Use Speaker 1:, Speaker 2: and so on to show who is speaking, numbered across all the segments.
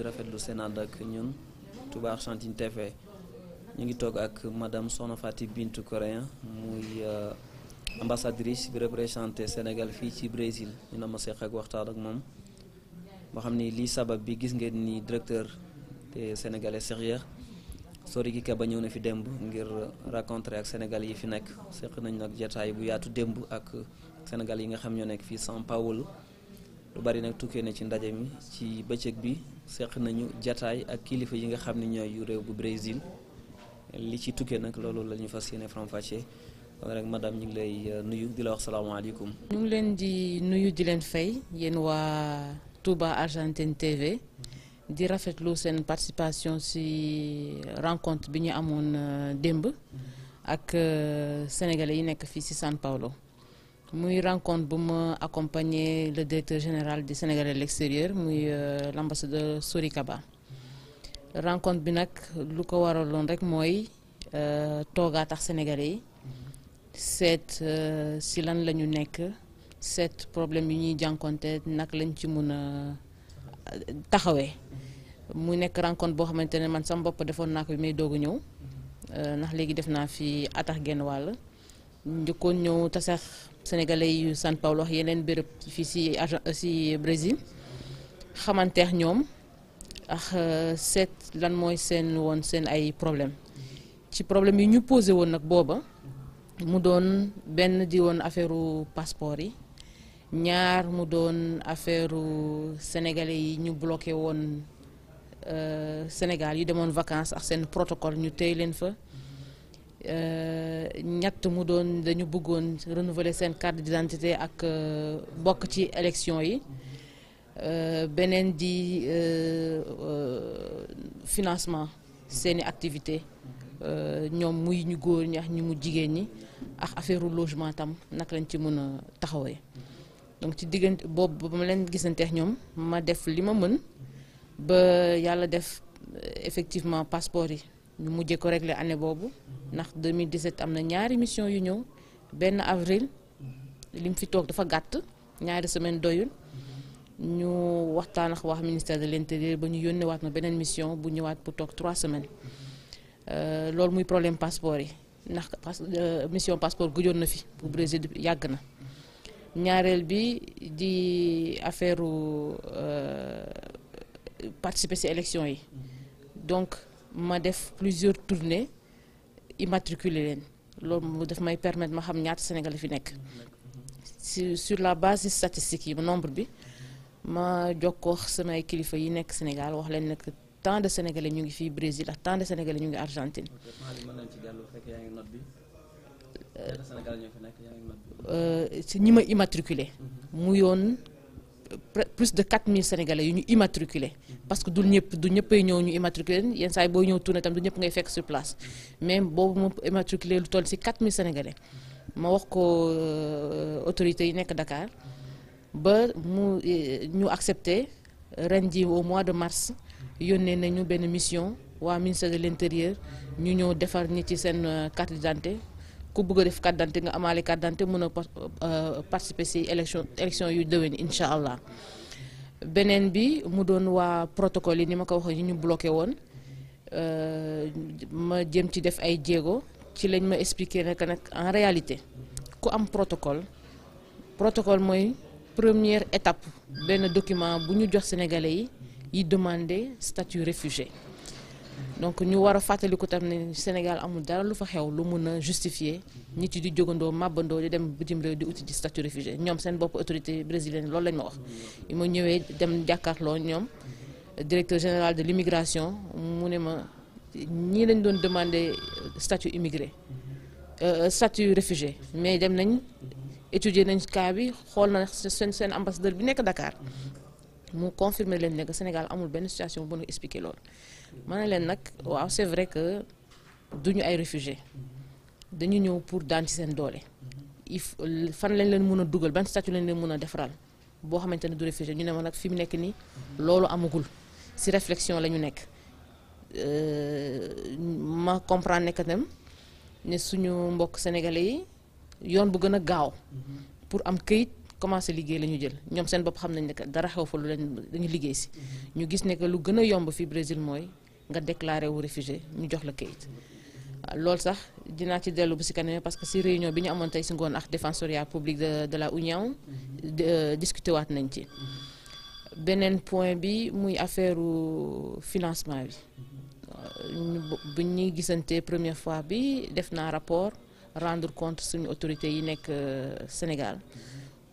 Speaker 1: di rafetlu seen ànd ak ñun Touba Argentine TV ñu ngi toog ak madame Sokhna bintu Bintou Coréen muy euh, ambassadrice bi représenté Sénégal fii ci Brésil ñu na ma seq ak waxtaan ak moom boo xam ni lii sabab bi gis ngeen ni directeur des Sénégalais sérieux Sori Kaba ñëw na fi démb ngir rencontré ak Sénégal yi fi nekk seq nañ nag jataay bu yaatu démb ak Sénégal yi nga xam ñoo nekk fii São Paulo lu bari nag tukkee na ci ndaje mi ci bëccëg bi seq nañu jataay ak kilifa yi nga xam ne ñooy yu réew bu Brésil li ci tukkee nag loolu la ñu fas yéene faram-fàccee rek madame ñu ngi lay euh, nuyu di la wax salaamaaleykum. ñu ngi
Speaker 2: leen di nuyu di leen fay yéen waa Touba Argentine TV di rafetlu seen participation ci euh, rencontre bi ñu amoon euh, démb ak sénégalais yi nekk fii ci São Paulo. muy rencontre bu ma accompagner le directeur général du Sénégal à muy euh, l'ambassadeur Sori Kaba rencontre bi nag lu ko waraloon rek mooy euh, toogaat ak yi seet euh, si lan la ñu nekk seet problème yi ñuy jànkonte nag lañ ci mun a euh, taxawee mu nekk rencontre boo xamante ne man sama bopp defoon naa ko bi may doog a ñëw euh, ndax léegi def naa fi atax genn wàll njëkkoon ñëw tasax sénégalais yu São Paulo wax yeneen béréb fii si agent si Brésil xamanteex ñoom ak euh, seet lan mooy seen woon seen ay problème ci problème yi ñu posé woon nag booba mu doon benn di woon affaire passeport yi ñaar mu doon affaire sénégalais yi ñu bloqué woon euh, Sénégal yi demoon vacances ak seen protocole ñu tey leen fa Euh, ñett mu doon dañu bëggoon renouveler seen carte d'identité ak euh, bokk ci élection yi euh, beneen di financement seeni activité ñoom muy ñu góor ñi ak ñu mu jigéen ñi ax affaire logement tam naka lañ ci mën a taxawee donc ci diggante boobu ba ma leen gisanteex ñoom ma def li ma mën ba yàlla def effectivement passeport yi ñu mujjee ko régler année boobu ndax 2017 am na ñaari mission yu ñëw benn avril lim fi toog dafa gàtt ñaari semaine doyul ñu waxtaan ak wax ministère de l'intérieur ba ñu yónnee waat ma beneen mission bu ñëwaat pour toog trois semaines euh, loolu muy problème passeport yi ndax euh, mission passeport gujoon na fi bu Brésil yàgg na ñaareel bi di affaire euh, participer ci élection yi ma def plusieurs tournées immatriculer leen loolu mu daf may permettre ma xam ñaata Sénégal fi nekk si sur la base statistique yi nombre bi ma jokkoo samay kilifa yi nekk Sénégal wax leen nekk tant de Sénégalais ñu ngi fii Brésil ak tant de Sénégalais ñu ngi Argentine. ci
Speaker 1: euh, euh, ñi
Speaker 2: ma immatriculé mhm. mu yoon plus de 4000 sénégalais yu ñu immatriculé parce que du ñëpp du ñëppay ñëw ñu immatriculé yenn saa yi boo ñëw tourné tam du ñëpp ngay fekk sur place mais boobu moom immatriculé lu toll si 4000 sénégalais ma wax ko euh, autorités yi nekk Dakar ba mu euh, ñu accepté ren ji au mois de mars yónnee nañu benn mission waa ministère de l' intérieur ñu ñëw defar ni ci seen euh, carte d' ku bëgg a def carte d'identité nga amaale carte d'identité mën a euh, participer ci élection élection yu déwén incha allah beneen bi mu doon waa protocole yi ni ma ko waxee yi ñu bloqué woon euh, ma jëm ci def ay jéego ci lañ ma expliquer nag nag en réalité ku am protocole protocole mooy première étape benn document bu ñu jox sénégalais yi yi demandé statut réfugié donc ñu war a fàttaliku tam ne Sénégal amul dara lu fa xew lu mun a justifier nit yi di jógandoo màbbandoo di dem bitim réew di uti ci statut réfugié ñoom seen bopp autorité brésilienne loolu lañ ma wax yi ma ñëwee dem jàkkaarloo ñoom directeur général de l'immigration mu ne ma ñi lañ doon demander statut immigré euh, statut réfugié mais dem nañ étudier nañ cas bi xool na seen seen ambassadeur bi nekk Dakar mu confirmer leen nekk Sénégal amul benn situation bu nu expliquer loolu ma ne leen nag waaw c'est vrai que du ñu ay réfugiés dañu ñëw pour daan ci seen doole fan lañ leen mun a dugal ban statut lañ leen mën a defaral boo xamante ne du réfugié ñu ne ma nag fi mu nekk nii loolu amagul ci réflexion lañu ñu nekk euh, ma comprendre ne que tam ne suñu mbokk sénégalais yi yoon bu gën a gaaw pour am këyit commencé liggéey la ñu jël ñoom seen bopp xam nañ ne dara xew fa lu leen dañu liggéey si. ñu gis ne que lu gën a yomb fii Brésil mooy nga déclaré wu réfugié ñu jox la kayit. Ah, loolu sax dinaa ci dellu bu si kanam parce que si réunion bi ñu amoon tey si ngoon ak défensoria publique de de la União. Euh, discuté waat nañ ci. beneen point bi muy affaire financement bi. bu ñuy gisante première fois bi def naa rapport rendre compte suñu autorités yi nekk euh, Sénégal.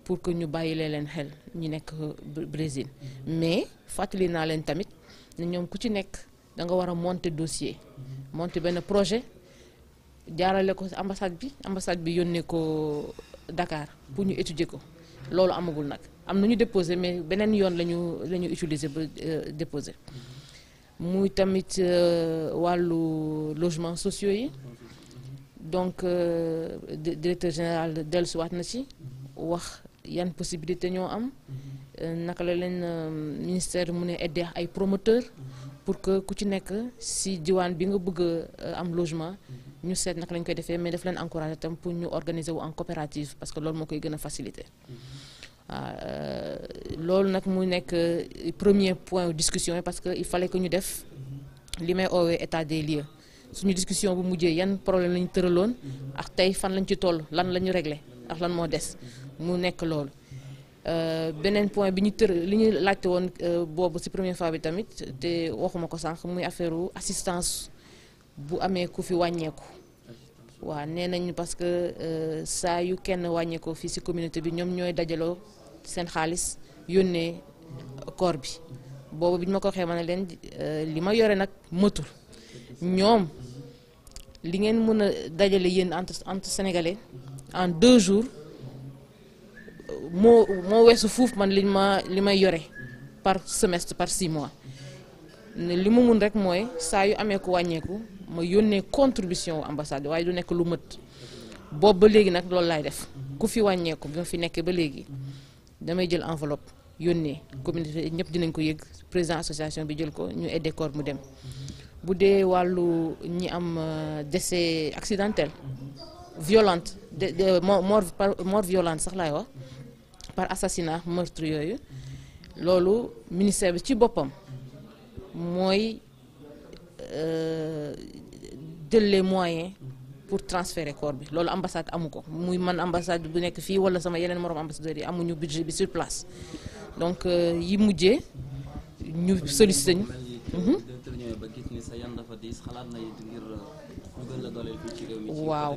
Speaker 2: pour que ñu bàyyilee leen xel ñu nekk Brésil mais fàttali naa leen tamit ne ñoom ku ci nekk danga war a monter dossier monter benn projet jaarale ko ambassade bi ambassade bi yónnee ko dakaar pour ñu étudier ko loolu amagul nag am na ñu déposé mais beneen yoon la ñu la ñu utiliser ba euh, déposé muy tamit euh, wàllu logement sociaux yi donc euh, directeur général dellusiwaat na ci wax yan possibilité ñoo am euh, naka la leen euh, ministère mu ne aider ay promoteur pour que ku ci nekk si diwaan bi nga bëgg euh, am logement ñu seet naka lañ koy defee mais def leen encourager tam pour ñu organiser wu en coopérative parce que loolu moo koy gën a ah, loolu nag mu nekk premier point discussion yi parce que il fallait que ñu def li may oowee état des lieux suñu discussion bu mujjee yan problème lañu tëraloon ax tey fan lañ ci toll lan la ñu réglé ak lan moo des mu nekk loolu euh, beneen point bi ñu tër li ñu laajte woon euh, boobu si premier fois bi tamit te waxuma ko sànq muy affaire assistance bu amee ku fi wàññeeku waaw nee nañu parce que euh, saa yu kenn wàññeekoo fii ci communauté bi ñoom ñooy dajaloo seen xaalis yónnee corps bi boobu bi ñu ma ko waxee ma ne leen li ma yore nag mëtul ñoom li ngeen mën a dajale yéen entre entre sénégalais en deux jours moo moo weesu fuuf man li ma li may yore par semestre par six mois ne li ma mun rek mooy saa yu amee ko wàññeeku ma yónnee contribution wu ambassade waaye du nekk lu mët boob ba léegi nag loolu laay def ku fi wàññeeku bi ma fi nekkee ba léegi damay jël enveloppe yónnee communauté ñëpp dinañ ko yëg président association bi jël ko ñu aidé corps mu dem bu dee wàllu ñi am euh, décès accidentel violente de mort mort violente sax laay wax par assassinat meurtre yooyu loolu ministère bi ci boppam mooy euh, jël les moyens pour transférer corps bi loolu ambassade amu ko muy man ambassade bu nekk fii wala sama yeneen moroom ambassadeurs yi amuñu budget bi sur place donc euh, yi mujjee ñu sollicité ñu mhm. waaw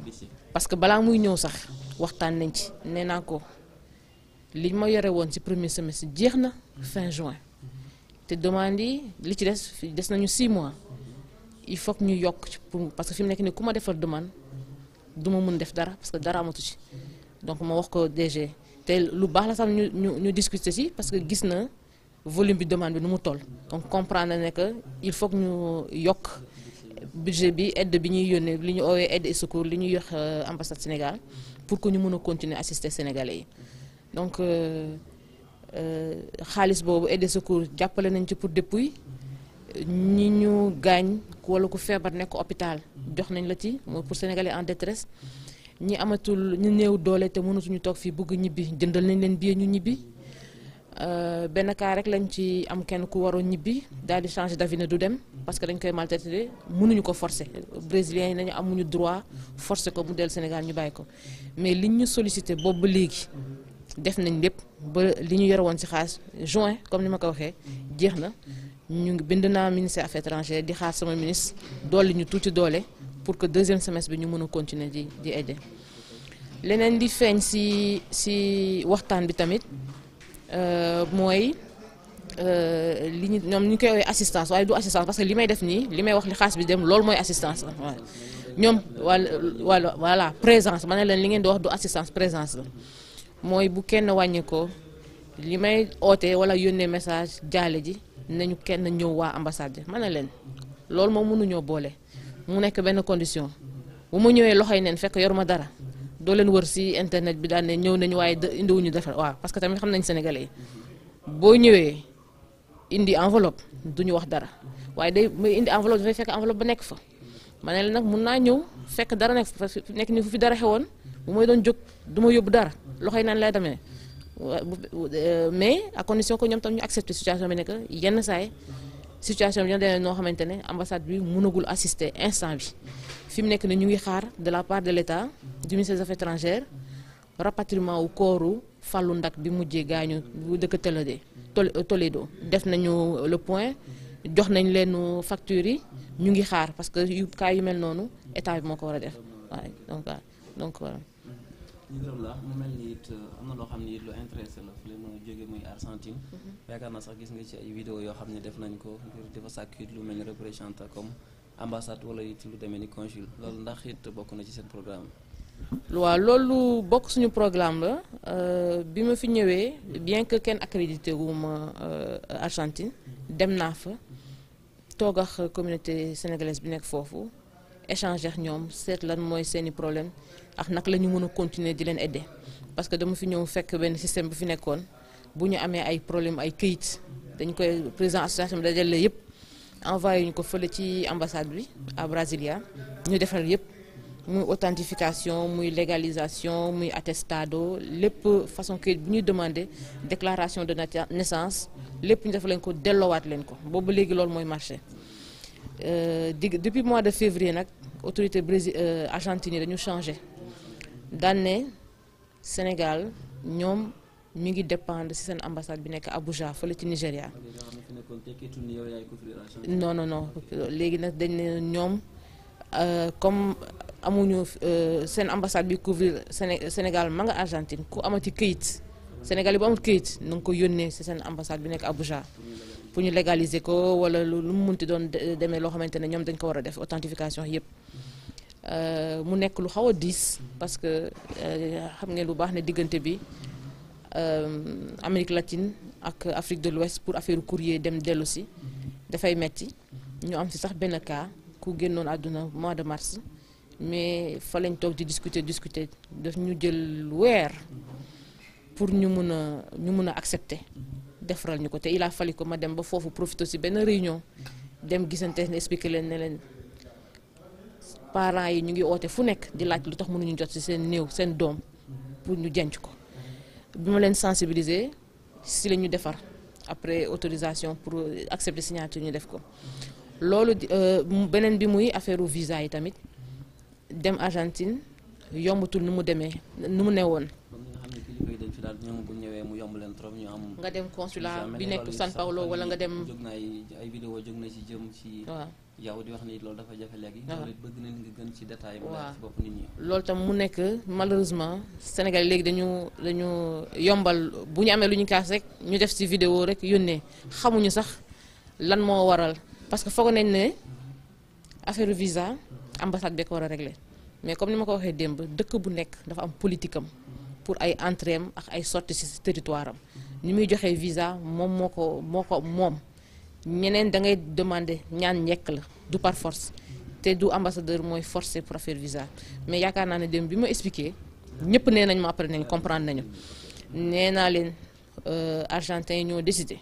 Speaker 2: parce que balaa muy ñëw sax waxtaan nañ ci nee naa ko li ma yore woon ci premier semestre jeex na fin juin te demande yi li ci des des nañu 6 mois il faut ñu yokk pour parce que fi mu nekk nii ku ma defal demande du ma mun def dara parce que dara amatu ci donc ma wax ko DG te lu baax la sax ñu ñu ñu discuter ci parce que gis na volume bi demande bi nu mu toll donc comprendre ne que il faut ñu yokk budget bi edd bi ñuy yónnee li ñu oowee aide et secours li ñuy yox euh, ambassade Sénégal pour ko ñu mën a continuer assister sénégalais yi donc euh, euh, xaalis boobu aide de secours jàppale nañ ci pour dépouille ñi ñu gaañ wala ku feebar nekk hôpital jox nañ la ci mooy pour sénégalais en détresse ñi amatul ñu néew doole te mënatuñu toog fii bëgg ñibbi jëndal nañ leen billet ñu ñibbi euh, benn cas rek lañ ci am kenn ku waroon ñibbi daal di changer d'avis ne du dem parce que dañ koy maltraité mënuñu ko forcer brésiliens yi nañu amuñu droit forcé ko mu dell Sénégal ñu bàyyi ko mais liñ ñu sollicité boobu léegi def nañ lépp ba li ñu yore woon ci xaalis juin comme ni ma ko waxee jeex na ñu ngi bind naa ministère affaires étrangères di xaar sama ministre dolli ñu tuuti doole pour que deuxième semestre bi ñu mën a continuer di di aider leneen di feeñ ci ci waxtaan bi tamit euh, mooy euh, li ñu ñoom ñu koy woowee assistance waaye du assistance parce li may def nii li may wax li xaas bi dem loolu mooy assistance la ñoom wala wala voilà présence ma ne leen li ngeen di wax du assistance présence la. mooy bu kenn wàññi ko li may ootee wala yónnee message jaale ji nañu kenn ñëw waa ambassade ma ne leen loolu moom mënuñoo boole mu nekk benn condition bu ma ñëwee loxoy neen fekk yoruma dara doo leen wër si internet bi daal ne ñëw nañu waaye indiwuñu defar waaw parce que tamit xam nañ sénégalais boo ñëwee indi enveloppe duñu wax dara waaye day may indi enveloppe dafay fekk enveloppe ba nekk fa ma ne leen nag mun naa ñëw fekk dara nekk nekk ni fu fi dara xewoon bu may doon jóg du ma yóbbu dara loxo yi nan lay demee euh, mais à condition ko ñoom tam ñu accepter situation bi ne yenn saay situation bi noo xamante ne ambassade bi mënagul assister instant bi fi mu nekk ne ñu ngi xaar de la part de l'État du ministère des affaires étrangères rapatriement wu kooru Fallou Ndak bi mujjee gaañu bu dëkk Toledo euh, Toledo def nañu le point jox nañ leen factures yi ñu ngi xaar parce que yu cas yu mel noonu état bi moo ko war a def waaye donc euh, donc voilà
Speaker 1: ñu la mu mel ni it euh, am na loo xam ne it lu intéressé la fu leen mu jóge muy Argentine mhm. yaakaar naa sax gis nga ci ay vidéo yoo xam ne def nañ ko ngir di fa sàkk it lu mel ni représentant comme ambassade wala it lu demee ni consul loolu ndax it bokk na ci seen programme
Speaker 2: waaw loolu bokk suñu programme la euh, bi ma fi ñëwee bien que kenn accrédité wu ma euh, Argentine dem naa fa toog ak communauté sénégalaise bi nekk foofu échanger ñoom seet lan mooy seeni problème ax nak la ñu mën a continuer di leen aider parce que dama fi ñëw fekk benn système bu fi nekkoon bu ñu amee ay problème ay këyit dañ koy président association bi dajale yëpp envoyé ñu ko fële ci ambassade bi à Brasilia ñu defal yëpp muy authentification muy légalisation muy attestado lépp façon këyit bu ñuy demandé déclaration de naissance lépp ñu def leen ko delloowaat leen ko boobu léegi loolu mooy marché euh, di depuis mois de février nag autorité Brésil euh, Argentine dañu changé daan ne Sénégal ñoom ñu ngi dépendre ci seen ambassade bi nekk Abuja fële ci Nigéria. no non non léegi nag dañ ne ñoom euh, comme amuñu euh, seen ambassade bi couvrir Sénégal ma nga Argentine ku amati këyit. Sénégal yi bu amul këyit na nga ko yónnee ci seen ambassade bi nekk Abuja. pour ñu légaliser ko wala lu mu mun ti doon demee loo xamante ne ñoom dañ ko war a def authentification yëpp. Euh, mu nekk lu xaw a diis parce que euh, xam ngeen bu baax ne diggante bi euh, Amérique latin ak Afrique de l'Ouest pour affaire courrier dem dellu si dafay metti ñu am si sax benn cas ku génnoon àdduna mois de mars mais fa lañ toog di discuter discuter daf ñu jël weer pour ñu mun a ñu mun a accepter defaral ñu ko te il a ko ma dem ba foofu profité si benn réunion dem gisante ne expliqué leen ne leen. parents yi ñu ngi oote fu nekk di laaj lu tax mënuñu jot ci seen néew seen doom pour ñu jenc ko bi ma leen sensibiliser si la ñu defar après autorisation pour accepter signature ñu def ko loolu euh, beneen bi muy affaire visa yi tamit dem Argentine yombatul nu mu demee nu mu ne woon
Speaker 1: nga dem consulat bi nekk San Paulo wala nga dem. jóg na ay vidéo jóg na ci jëm ci. waaw yow di wax ni loolu dafa jafe léegi. Ah. loolu it bëgg nañ nga gën ci
Speaker 2: loolu tam mu nekk malheureusement Sénégal léegi dañu dañu yombal bu ñu amee lu ñu kaas rek ñu def ci vidéo rek yónnee xamuñu sax lan moo waral parce que foog nañ ne affaire visa ambassade bee ko war a régler mais comme ni ma ko waxee démb dëkk bu nekk dafa am politique am pour ay entrée am ak ay sortie ci territoire am ni muy joxee visa moom moo ko moo ko moom. ñeneen da ngay demander ñaan njekk la du par force te du ambassadeur mooy force pour affaire visa mais yaakaar naa ne dem bi ma expliqué ñëpp nee nañ ma après nañ comprendre nañu nee naa leen euh, argentin yi ñoo décidé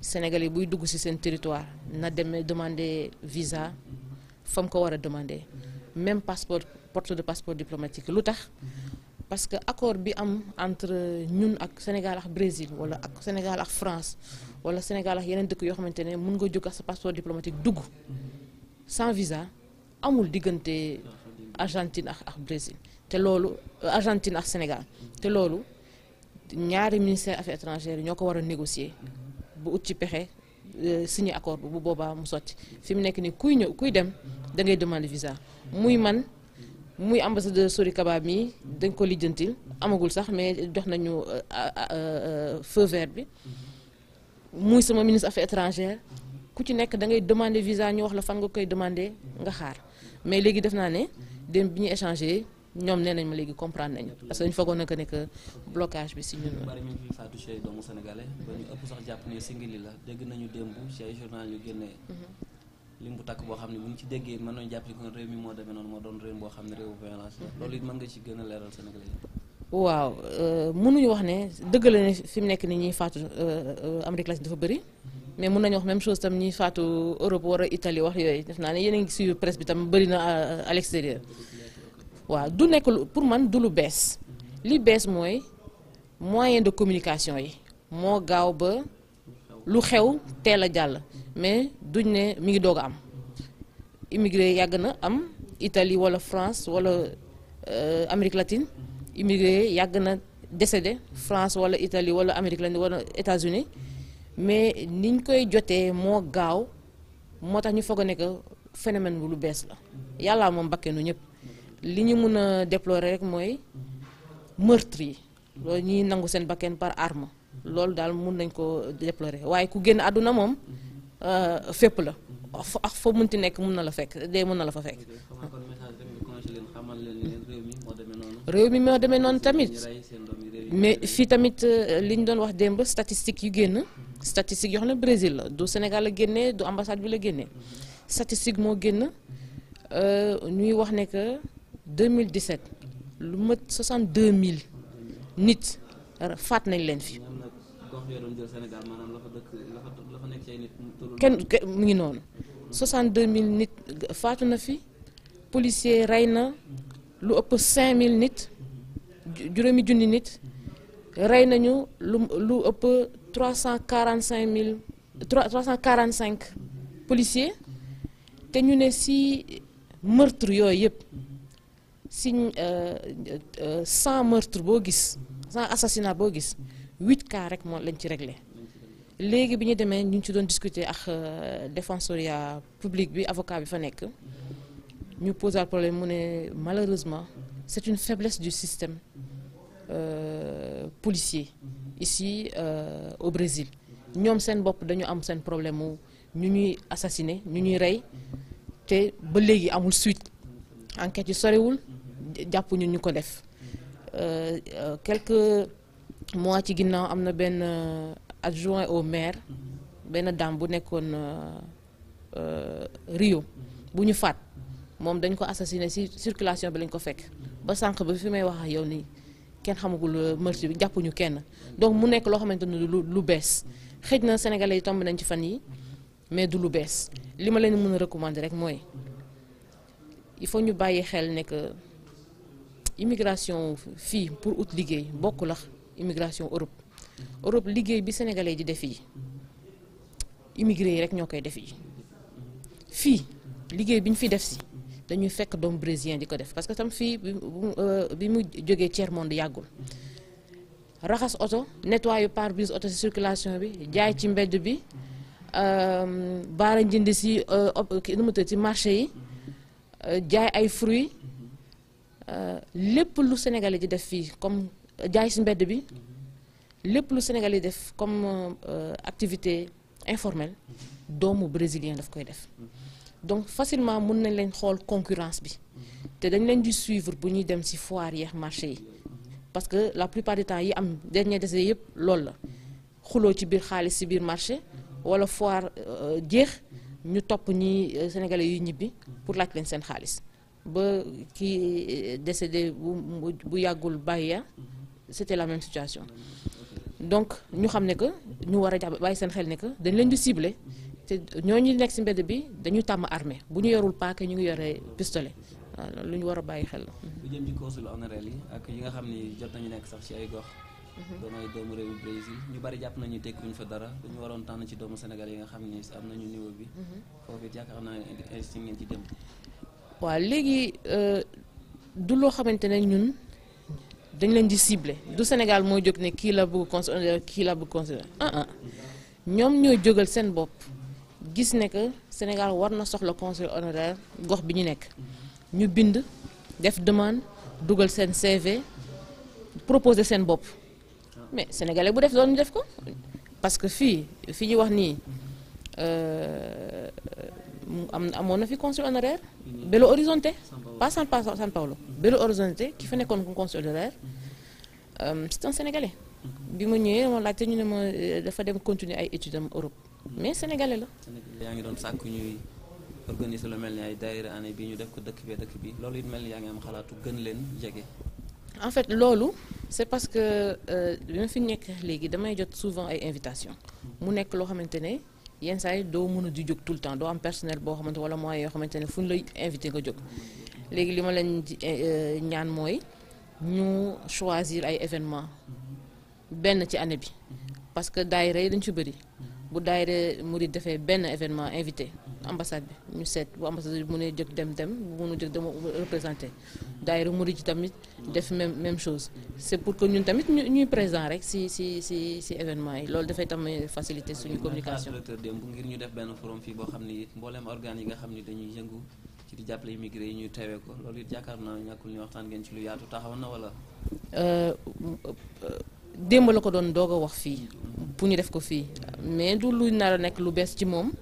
Speaker 2: sénégalais buy dugg ci seen territoire na deme demander visa fa ko war a demande même passeport porte de passeport diplomatique lu tax parce que accord bi am entre ñun ak Sénégal ak Brésil wala ak Sénégal ak France wala Sénégal ak yeneen dëkk yoo xamante ne mun nga jóg ak sa passeport diplomatique dugg sans visa amul diggante Argentine ak ak Brésil te loolu euh, Argentine ak Sénégal te loolu ñaari ministère affaires étrangères yi ñoo ko war a négocier bu ut ci pexe euh, signé accord bi bu boobaa mu sotti fi mu nekk ni kuy ñëw kuy dem da ngay demander visa muy man. muy ambassadeur Sori Kaba mi dañ ko lijjantil amagul sax mais jox nañu euh, euh, euh, feu vert bi muy sama ministre affaires étrangères ku ci nekk da ngay demander visa ñu wax la fan nga koy demande nga xaar mais léegi def naa ne dem bi ñu échanger ñoom nee nañ ma léegi comprendre nañu parce que dañu foogoon na que ne que blocage bi si ñun. ñu bari ñu ngi faatu ci
Speaker 1: doomu sénégalais ne la dégg nañu démb ci ay journal yu génnee. Mhm. lim bu takk boo xam ne bu ñu ci déggee mën nañu jàpp ci kon réew mi moo demee noonu moo doon réew boo xam ne réewu violence la loolu it mën nga ci gën a leeral Sénégalais yi.
Speaker 2: waaw euh, mënuñu wax ne dëgg la ne fi mu nekk nii ñuy faatu euh, euh, Amérique latine dafa bëri. mais mun nañu wax même chose tam ñuy faatu Europe war a Italie wax yooyu def naa ne yéen a ngi suivre presse bi tam bëri na à waaw du nekk lu pour man du lu bees. li bees mooy moyen de communication yi moo gaaw ba. lu xew teel a jàll mais duñ ne mi ngi doog a am immigré yàgg na am Italie wala France wala euh, Amérique latine immigré yàgg na décédé France wala itali wala Amérique latine wala États-Unis mais niñ koy jotee moo gaaw moo tax ñu foog a nekk phénomène bu lu bees la yàlla moom bakkenu ñëpp li ñu mun a déplorer rek mooy meurtre yi loolu ñuy nangu seen bakken par arme loolu daal mun nañ koo déplorer waaye ku génn àdduna moom euh, fépp la ak fa munti nekk mun na la fekk dee mun na la fa fekk réew mi moo demee noonu tamit mais fii tamit euh, li ñu doon wax démb statistiques yu génn statistiques yoo na ne Brésil la du Sénégal la génne du ambassade bi la génne statistique moo génn euh, ñuy wax ne que 2017 lu mat 62000 nit faat nañ leen fi
Speaker 1: kenn mu ngi
Speaker 2: noonu mille nit faatu na fi policier rey na lu ëpp 5000 nit juróomi junni nit rey nañu lu lu ëpp quarante 345 policiers te ñu ne si meurtre yooyu yëpp si 100 euh, euh, meurtre boo gis 100 assassinat boo gis huit cas rek moo lañ ci réglé léegi bi ñu demee ñu ngi ci doon discuter ak euh, défensoria publique bi avocat bi fa nekk ñu poser problème mu ne malheureusement c'est une faiblesse du système euh, policier ici euh, au Brésil ñoom seen bopp dañu am seen problème mu ñu ñuy assassiné ñu ñuy rey te ba léegi amul suite enquête yi sorewul jàpp ñu ñu ko def euh, euh, quelques moi ci ginnaaw am na benn euh, adjoint au maire benn dame bu nekkoon euh, euh, Rio bu ñu faat moom dañ ko assassiné si circulation bi lañ ko fekk ba sànq ba fi may wax a yow nii kenn xamagul meurtre bi jàppuñu kenn donc mu nekk loo xamante ni lu lu bees xëj na sénégalais yi tomb nañ ci fan yi mais du lu bees li ma leen mën a recommander rek mooy il faut ñu bàyyi xel ne que immigration fii pour ut liggéey bokku la immigration Europe Europe liggéey bi sénégalais di def yi immigré yi rek ñoo koy def yi fii liggéey bi ñu fi def si dañuy fekk doom brésilien di ko def parce que tam fii bi euh, mu jógee tiers monde yàggul raxas oto nettoyé pare-brise oto si circulation bi jaay ci mbedd bi euh, baara njënd si euh, nu ci marché yi jaay ay fruits lépp lu Sénégalais di def fii comme jaay si mbedd bi lépp lu Sénégal yi def comme euh, activité informelle doomu brésilien daf koy def donc facilement mun nañ leen xool concurrence bi te dañ leen di suivre bu ñuy dem si foire yeex marché yi parce que la plupart du temps yi am dernier décès yëpp loolu la xuloo ci biir xaalis si biir marché wala foire euh, jeex ñu topp ñi euh, sénégalais yi ñibbi pour laaj leen seen xaalis ba ki décédé bu bu yàggul bàyyi c'était la même situation donc ñu xam ne que ñu war a jàpp bàyyi seen xel ne que dañ leen di ciblé te ñooñu nekk ci mbedd bi dañuy tàmm armée bu ñu yorul paaka ñu ngi yore pistolet waaw a bàyyi xel la.
Speaker 1: lu jëm ci consul honoraire yi ak yi nga xam ni jot nañu nekk sax ci ay gox. Mhm. ñu bari jàpp nañu tekkuñu fa dara dañu waroon tànn ci doomu yi nga xam ni am nañu niveau bi. Mhm. foofu it yaakaar naa
Speaker 2: ne léegi euh, du loo xamante ne ñun. dañ leen di ciblé du Sénégal mooy jóg ne kii la bëgg considéré euh, kii la bëgg considéré ah ah ñoom ñooy jógal seen bopp gis ne que Sénégal war na soxla conseil honoraire gox bi ñu nekk ñu bind def demande dugal seen CV proposer seen bopp mais sénégalais bu def doon ñu def ko parce que fii fii ñu wax nii euh, am amoon na fi conseil honoraire Belo Horizonte pas San San Paulo Belo Horizonte ki fa nekkoon consul honoraire euh, c'est un bi ma ñëwee ma laajte ñu ne ma euh, dafa dem continuer ay études am Europe mais sénégalais la.
Speaker 1: yaa ngi doon sàkk ñuy organiser lu mel ni ay daayira année bi ñu def ko dëkk bee dëkk bi loolu it mel ni yaa ngi am xalaatu gën leen jege.
Speaker 2: en fait loolu c'est parce que euh, bi ma fi nekk léegi damay jot souvent ay invitation mu nekk loo xamante ne. yenn saa yi doo mën a di jóg tout le temps doo am personnel boo xamante wala moyen yoo xamante ne fu ñu lay invité nga léegi li ma leen eh, eh, ñaan mooy ñu choisir ay événement benn ci année bi parce que daayira yi dañ ci bëri bu daayira Mouride defee benn événement invité ambassade bi ñu seet bu ambassade bi mënee jóg dem dem bu mënul jóg dama représenté daayira Mouride ji tamit def même même chose c'est pour que ñun tamit ñu ñuy présent rek si si si si événement yi loolu dafay tamit facilité suñu communication.
Speaker 1: ngir ñu def benn forum fii boo xam ni mboolem organes yi nga xam ni dañuy yëngu. ci di jàppale immigré yi ñu teewee ko loolu it yaakaar naa ñàkkul ni waxtaan ngeen ci
Speaker 2: lu yaatu taxaw na wala. Euh, démb la ko doon doog a wax fii pour ñu def ko fii mais du lu nar a nekk lu bees ci moom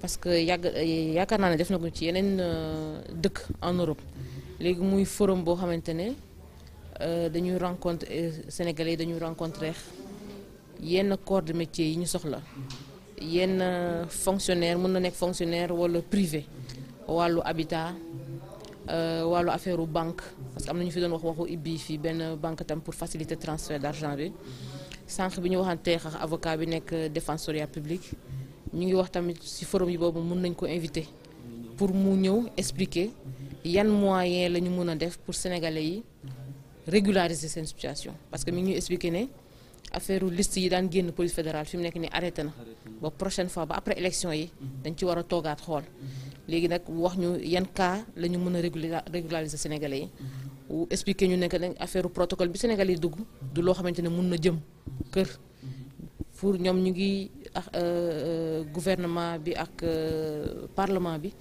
Speaker 2: parce que yàgg yaakaar naa ne def na ko ci yeneen euh, dëkk en Europe léegi muy forum boo xamante ne euh, dañuy rencontre sénégalais yi dañuy rencontre yenn corps de yi ñu soxla yenn fonctionnaire mën na nekk fonctionnaire wala privé wàllu habitat euh, wàllu affaire u banque parce que am na ñu fi doon wax waxu ibbi fii benn banque tam pour faciliter transfert d'argent bi sànq bi ñu waxantee xax avocat bi nekk défenseuriat public ñu ngi wax tamit ci forum yi boobu mën nañ ko invité pour mu ñëw expliquer yan moyen la ñu mën a def pour sénégalais yi régulariser seen situation parce que mi ngi expliquer ne affaire liste yi daan génn police fédérale fi nekk ni arrêté na ba prochaine fois ba après élection yi dañ ci war a toogaat xool léegi nag wax ñu yan cas la ñu mën a régulariser sénégalais yi ou expliquer ñu nekk que affaire protocole bi sénégalais yi dugg du loo xamante ne mun na jëm kër pour ñoom ñu ngi ak euh, euh, gouvernement bi ak euh, parlement bi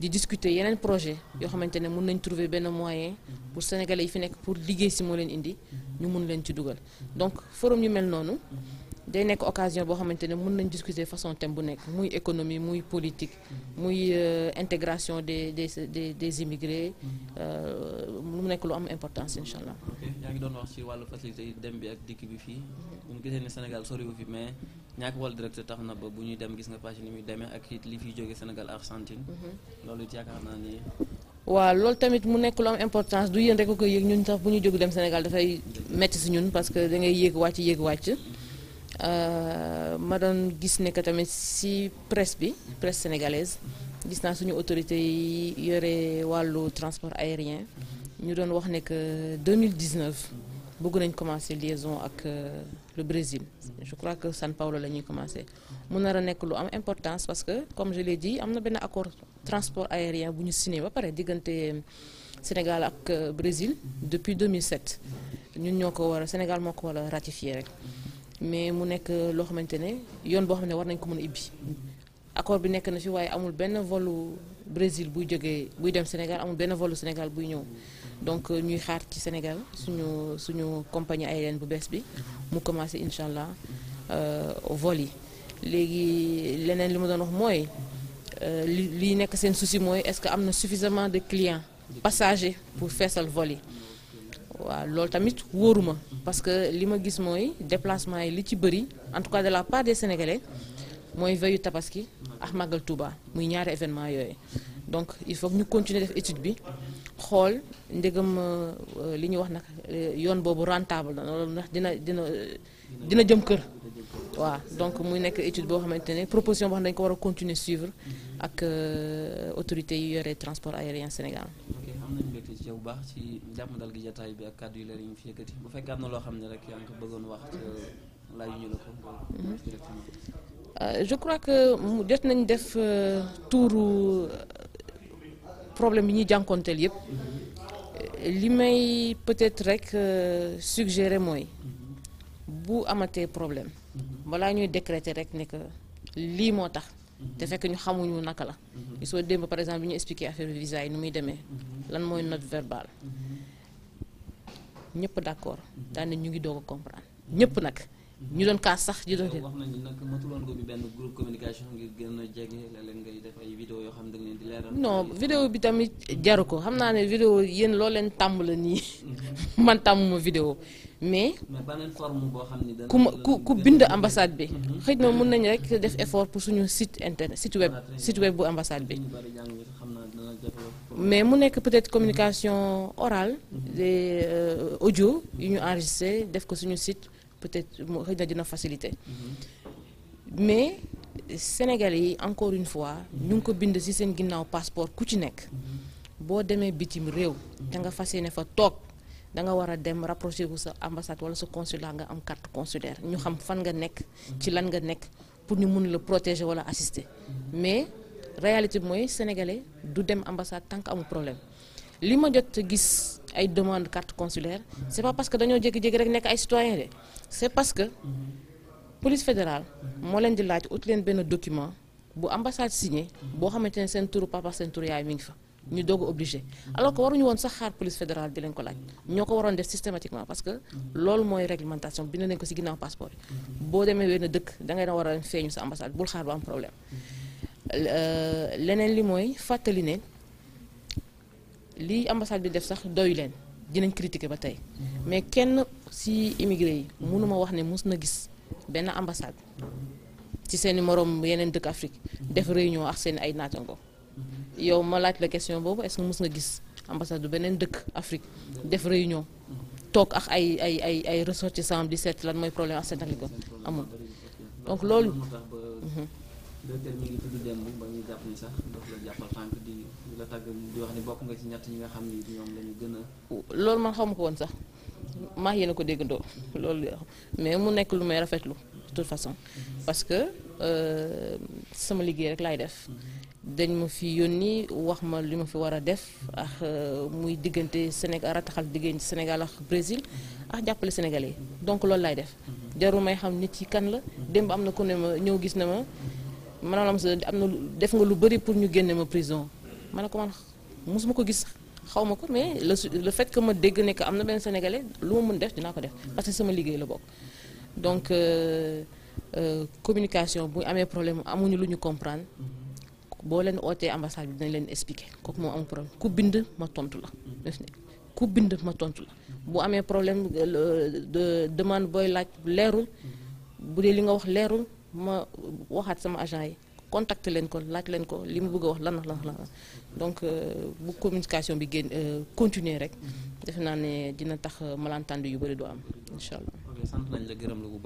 Speaker 2: di discuter yeneen projet yoo xamante ne mun nañ trouver benn moyen pour sénégalais yi fi nekk pour liggéey si moo leen indi ñu mun leen ci dugal donc forum yu mel noonu day nekk occasion boo xamante ne mën nañ discuter façon thème bu nekk muy économie muy politique muy euh, integration des des des des immigrés euh, mu nekk lu am importance incha allah. ok ngi
Speaker 1: doon wax ci wàllu facilité dem bi ak dikk bi fii bu ñu gisee ne Sénégal soriwu fi mais ñàkk wàllu direct tax na ba bu ñuy dem gis nga page ni muy demee ak it li fiy jógee Sénégal Argentine mhm. loolu it yaakaar naa ni
Speaker 2: waaw loolu tamit mu nekk lu am importance du yéen rek ko koy yéeg ñun bu ñu jóg dem Sénégal dafay metti si ñun parce que da ngay yéeg wàcc yéeg wàcc Euh, ma doon gis ne que tamit si press bi presse sénégalaise gis naa suñu autorité yi yore wàllu transport aérien ñu doon wax ne que 2019 bëgg nañ commencer liaison ak euh, le Brésil je crois que São Paulo la ñuy commencer mun na a nekk lu am importance parce que comme je l'ai dit am na benn accord transport aérien bu ñu signé ba pare diggante euh, Sénégal ak Brésil depuis 2007 ñun ñoo ko war a Sénégal moo ko war ratifier rek mais mu nekk loo xamante ne yoon boo xam ne war nañ ko mën a ibbi. accord bi nekk na fi waaye amul benn volu Brésil buy jógee buy dem Sénégal amul benn volu Sénégal buy ñëw donc euh, ñuy xaar ci Sénégal suñu suñu compagnie aérienne bu bees bi mu commencé incha allah euh, vol yi. léegi leneen li ma doon wax mooy euh, li li nekk seen souci mooy est-ce que am na suffisamment de clients passagers pour feesal vol yi. waa loolu tamit wóoruma parce que li ma gis mooy déplacement yi li ci bëri en tout cas de la part des sénégalais mooy veillu tabaski ax màggal Touba muy ñaari événement yooyu donc il faut ñu continuer def étude bi xool ndegam euh, li ñuy wax nag euh, yoon boobu rentable na ndax dina dina dina jëm kër waaw donc muy nekk étude boo xamante ne proposition boo xam ne dañu ko war a continuer suivre ak euh, autorités yi yore transport aérien Sénégal
Speaker 1: mbégte ci yow bu baax ci jàmm dal gi jataay bi ak kàddu yu leer yi ñu fi yëkkati bu fekkee am na loo xam ne rek yaa ngi ko bëggoon wax te laaj ñu la ko
Speaker 2: euh, je crois que jot nañ def euh, tuuru euh, problème yi ñuy jànkonteel yëpp mm-hmm. li may peut-être rek suggérer mooy mm-hmm. bu amatee problème mm-hmm. balaa ñuy décréter rek ne lii moo tax te fekk ñu xamuñu naka la. soo démb par exemple bi ñu expliqué affaire visa yi nu muy demee. lan mooy note verbale. ñëpp d' accord daan ñu ngi doog a comprendre ñëpp nag. ñu doon kaas sax di doon. wax
Speaker 1: nañu nag matuloon ko bi benn groupe communication ngir gën a jege léeg-léeg ngay def ay xam ne da ngeen di leeral. non
Speaker 2: tamit jaru ko xam naa ne vidéo yéen loo leen tàmm la nii. Mhm. man tàmmuma vidéo mais.
Speaker 1: mais beneen forme boo xam ne ku ma ku ku
Speaker 2: bind ambassade bi. Mhm. xëy na mun nañ rek def effort pour suñu site internet site web site web bu ambassade bi. mais mu nekk peut-être communication orale. Mhm. de euh, audio yu ñu enregistré def ko suñu sit peut-être xëy na dina facilité mhm. mais Sénégal yi encore une fois ñu ngi ko bind ci seen ginnaaw passeport ku ci nekk mhm. boo demee bitim réew da nga fas yéene fa toog da nga war a dem rapproché wu sa ambassade wala sa consulat nga am carte consulaire ñu xam fan nga nekk ci mhm. lan nga nekk pour ñu mun la protéger wala assister mais réalité mooy sénégalais du dem ambassade tant que amul problème li ma jot gis ay demande carte consulaire c'est pas parce que dañoo jékki-jékki rek nekk ay citoyen de c'est parce que police fédérale moo leen di laaj ut leen benn document bu ambassade signé boo xamante ne seen turu papa seen turu yaay mi ngi fa ñu doog obligé alors que waruñu woon sax xaar police fédérale di leen ko laaj ñoo ko waroon def systématiquement parce que loolu mooy réglementation bind nañ ko ci ginnaaw passeport boo demee wenn dëkk da ngay na war a feeñu sa ambassade xaar am problème euh, leneen li mooy fàttali ne lii ambassade bi def sax doyu leen dinañ critiquer ba tey mais kenn si immigré yi mënuma wax ne mus na gis benn ambassade ci seen i morom yeneen dëkk Afrique def réunion ak seen ay naatango yow ma laaj la question boobu est-ce que mus nga gis ambassade bu beneen dëkk Afrique def réunion toog ak ay ay ay ay ressortissants di seet lan mooy problème ak seen amul donc loolu.
Speaker 1: docteur mi ngi tudd démb bokk nga ci ñi nga xam ni ñoom la ñu gën a.
Speaker 2: loolu man xamu ko woon sax maa yéen a ko déggandoo loolu mais mu nekk lu may rafetlu de toute façon parce que euh, sama liggéey rek laay def. dañ ma fi yónni wax ma li ma fi war a def ak euh, muy diggante Sénégal rataxal diggante Sénégal ak Brésil ak jàppale Sénégalais donc loolu lay def. jarul may xam nit yi kan la. démb am na ku ne ma ñëw gis na ma. a maanaam am na def nga lu bëri pour ñu génnee ma prison ma ne ko man mosuma ko gis xaw ma ko mais la le fait que ma dégg nekk am na benn sénégalais lu ma mën def dinaa ko def parce que sama liggéey la bokk donc euh, euh, communication bu amee problème amuñu lu ñu comprendre boo leen ootee ambassade bi dinañ leen expliquer kooku moom amul problème ku bind ma tontu la. ku bind ma tontu la boo amee problème de demande booy laaj leerul bu dee li nga wax leerul. ma waxaat sama agent yi contacte leen ko laaj leen ko li ma bëgg a wax lan la lan la donc euh, bu communication bi génn euh, continuer rek. Mhm. defe naa ne dina tax malentendu yu bëri doo am incha allah.